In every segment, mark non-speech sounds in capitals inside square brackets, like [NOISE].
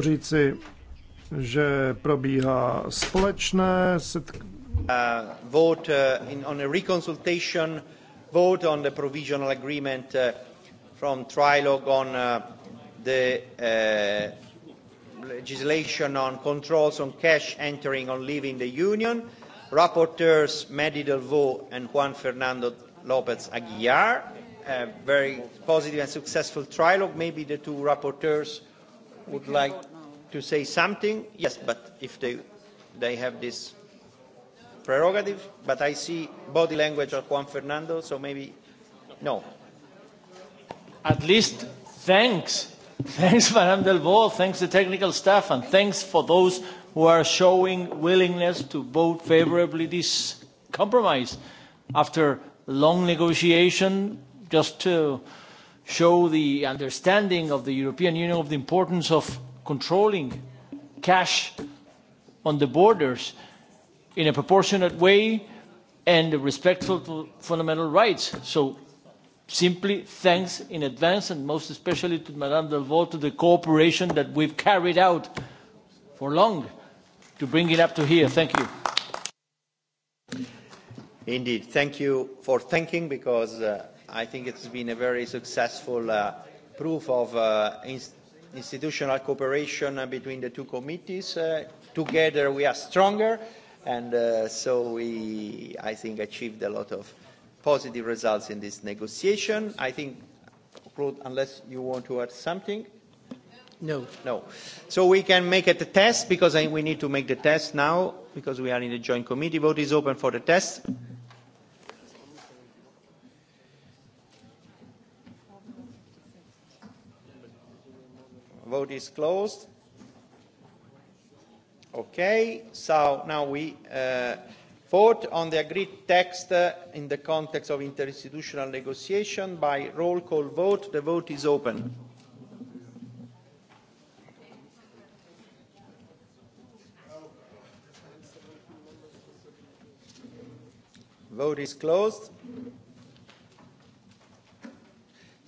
říci, že probíhá společné setk- uh, vote uh, in, on a reconsultation vote on the provisional agreement uh, from trilogue on uh, the uh, legislation on controls on cash entering on leaving the union. Rapporteurs Mehdi Delvo and Juan Fernando López Aguilar. A very positive and successful trilogue. Maybe the two rapporteurs would like to say something, yes, but if they, they have this prerogative, but I see body language of Juan Fernando, so maybe no. At least thanks. [LAUGHS] Thanks, Madame Delvaux, thanks the technical staff, and thanks for those who are showing willingness to vote favorably this compromise after long negotiation just to show the understanding of the European Union of the importance of controlling cash on the borders in a proportionate way and respectful to fundamental rights. So simply thanks in advance and most especially to Madame Delvaux to the cooperation that we've carried out for long to bring it up to here. Thank you. Indeed, thank you for thanking because uh, i think it's been a very successful uh, proof of uh, in institutional cooperation uh, between the two committees. Uh, together we are stronger, and uh, so we, I think, achieved a lot of positive results in this negotiation. I think, Claude, unless you want to add something? No. No. So we can make it a test, because I, we need to make the test now, because we are in the joint committee. Vote is open for the test. Vote is closed. Okay, so now we uh, vote on the agreed text uh, in the context of interinstitutional negotiation by roll call vote. The vote is open. Vote is closed.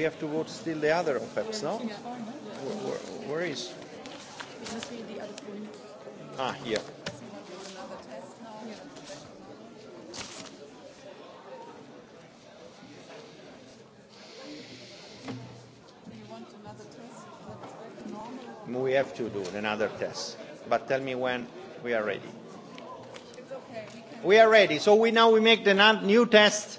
we have to vote still the other OPEPs, no? Where, where is? Ah, here. We have to do another test, but tell me when we are ready. It's okay, we, can... we are ready. So we now we make the new test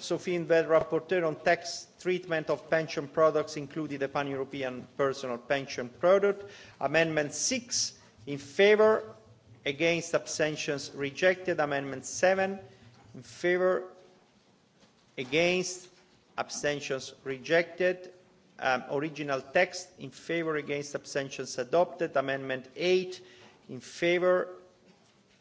Sophie Inbel, rapporteur on tax treatment of pension products, including the pan-European personal pension product. Amendment 6, in favour, against abstentions rejected. Amendment 7, in favour, against abstentions rejected. Um, original text, in favour, against abstentions adopted. Amendment 8, in favour,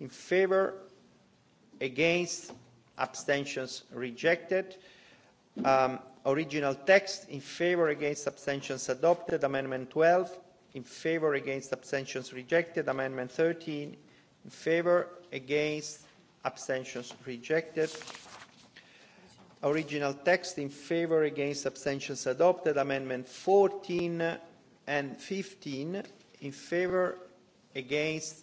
in favour against abstentions rejected um, original text in favour against abstentions adopted amendment 12 in favour against abstentions rejected amendment 13 in favour against abstentions rejected original text in favour against abstentions adopted amendment 14 and 15 in favour against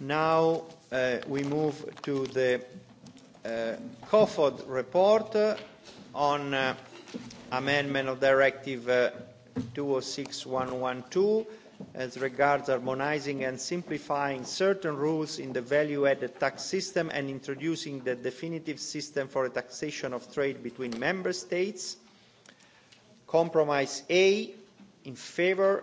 Now uh, we move to the uh, COFOD report uh, on uh, amendment of Directive uh, 206112 as regards harmonizing and simplifying certain rules in the value-added tax system and introducing the definitive system for a taxation of trade between member states. Compromise A in favor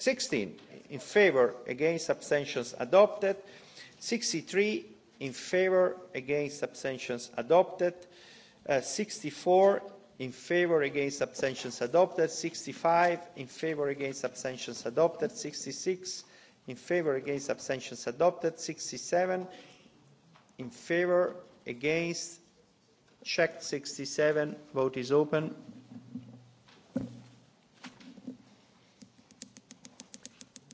sixteen in favour against abstentions adopted sixty three in favour against abstentions adopted uh, sixty four in favour against abstentions adopted sixty five in favour against abstentions adopted sixty six in favour against abstentions adopted sixty seven in favour against checked sixty seven vote is open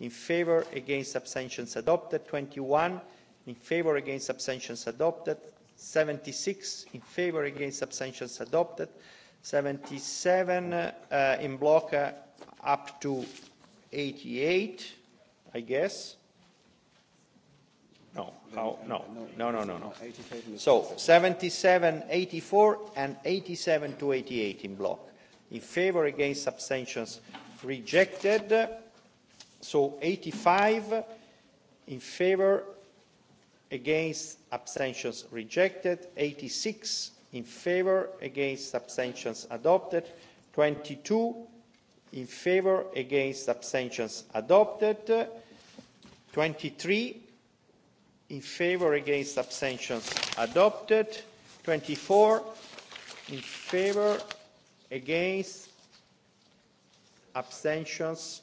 in favour against abstentions adopted twenty one in favour against abstentions adopted seventy six in favour against abstentions adopted seventy seven uh, in block uh, up to eighty eight i guess no how no no no no no so seventy seven eighty four and eighty seven to eighty eight in block in favour against abstentions rejected So 85 in favour, against abstentions rejected, 86 in favour, against abstentions adopted, 22 in favour, against abstentions adopted, 23 in favour, against abstentions adopted, 24 in favour, against abstentions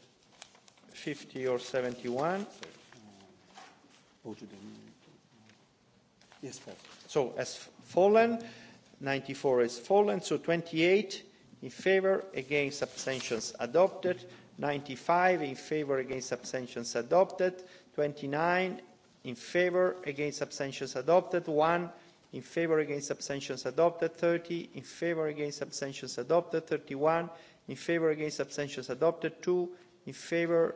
50 or 71. Yes, please. so as fallen, 94 is fallen, so 28 in favor, against abstentions adopted, 95 in favor, against abstentions adopted, 29 in favor, against abstentions adopted, one in favor, against abstentions adopted, 30 in favor, against abstentions adopted, 31 in favor, against abstentions adopted, two in favor,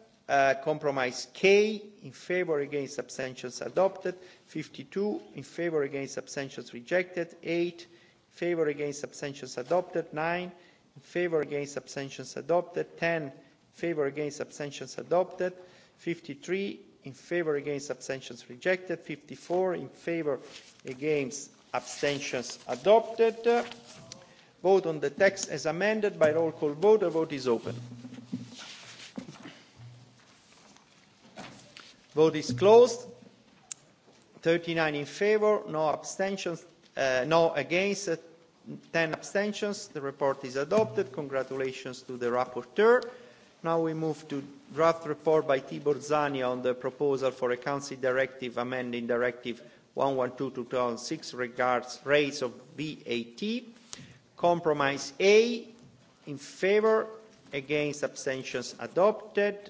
Uh, compromise K in favour against abstentions adopted, fifty two in favour against abstentions rejected, eight in favour against abstentions adopted, nine in favour against abstentions adopted, ten in favour against abstentions adopted, fifty three in favour against abstentions rejected, fifty four in favour against abstentions adopted. Vote on the text as amended by roll call vote. The vote is open. Vote is closed. thirty nine in favour no abstentions, uh, no against, uh, 10 abstentions. The report is adopted. Congratulations to the rapporteur. Now we move to draft report by Tibor Zani on the proposal for a Council directive amending Directive 112-2006 regards rates of VAT. Compromise A in favour, against abstentions adopted.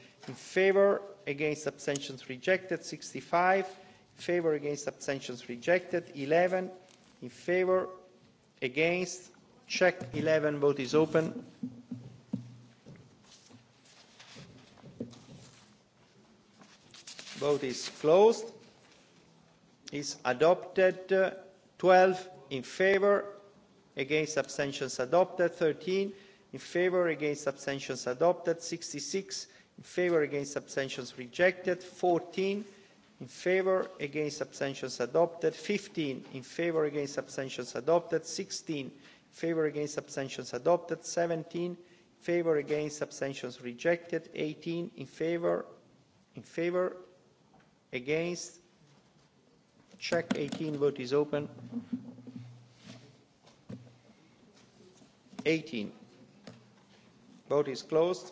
in favour against abstentions rejected 65 in favour against abstentions rejected 11 in favour against check 11 vote is open vote is closed is adopted uh, 12 in favour against abstentions adopted 13 in favour against abstentions adopted 66 in favour against abstentions rejected fourteen in favour against abstentions adopted fifteen in favour against abstentions adopted sixteen in favour against abstentions adopted seventeen in favour against abstentions rejected eighteen in favour in favour against check eighteen vote is open eighteen vote is closed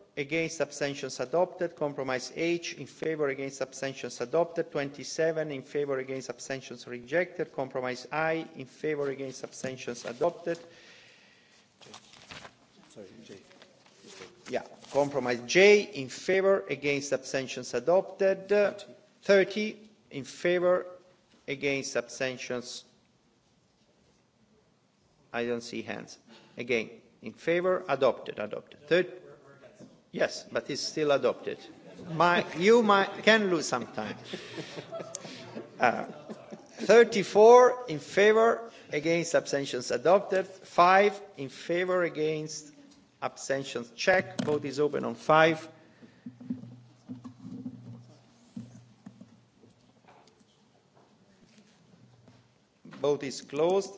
against abstentions adopted compromise h in favour against abstentions adopted 27 in favour against abstentions rejected compromise i in favour against abstentions adopted yeah compromise j in favour against abstentions adopted uh, 30 in favour against abstentions i don't see hands again in favour adopted adopted 30 Yes, but it's still adopted. you can lose some time. Uh, 34 in favour, against abstentions adopted. 5 in favour, against abstentions check. Vote is open on 5. Vote is closed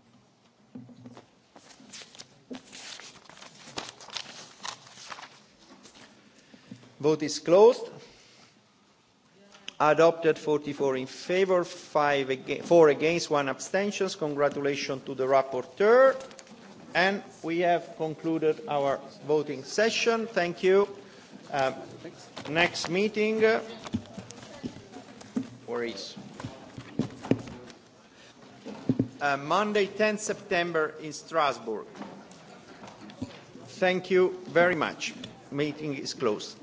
Vote is closed. Adopted 44 in favour, five ag against, one abstention. Congratulations to the rapporteur. And we have concluded our voting session. Thank you. Uh, next meeting. Uh, where is? Uh, Monday, 10 September in Strasbourg. Thank you very much. Meeting is closed.